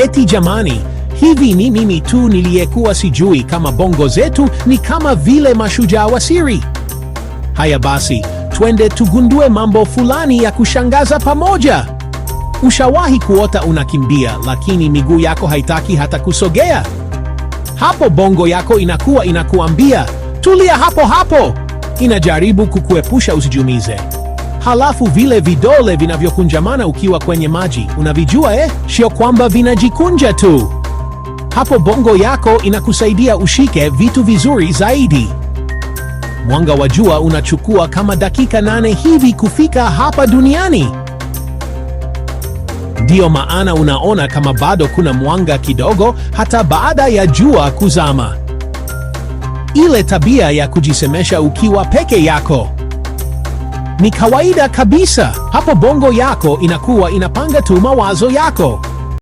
Eti jamani, hivi ni mimi tu niliyekuwa sijui kama bongo zetu ni kama vile mashujaa wa siri? Haya basi, twende tugundue mambo fulani ya kushangaza pamoja. Ushawahi kuota unakimbia lakini miguu yako haitaki hata kusogea? Hapo bongo yako inakuwa inakuambia tulia hapo hapo, inajaribu kukuepusha usijumize halafu vile vidole vinavyokunjamana ukiwa kwenye maji unavijua, eh? Sio kwamba vinajikunja tu. Hapo bongo yako inakusaidia ushike vitu vizuri zaidi. Mwanga wa jua unachukua kama dakika nane hivi kufika hapa duniani. Ndiyo maana unaona kama bado kuna mwanga kidogo hata baada ya jua kuzama. Ile tabia ya kujisemesha ukiwa peke yako ni kawaida kabisa. Hapo bongo yako inakuwa inapanga tu mawazo yako.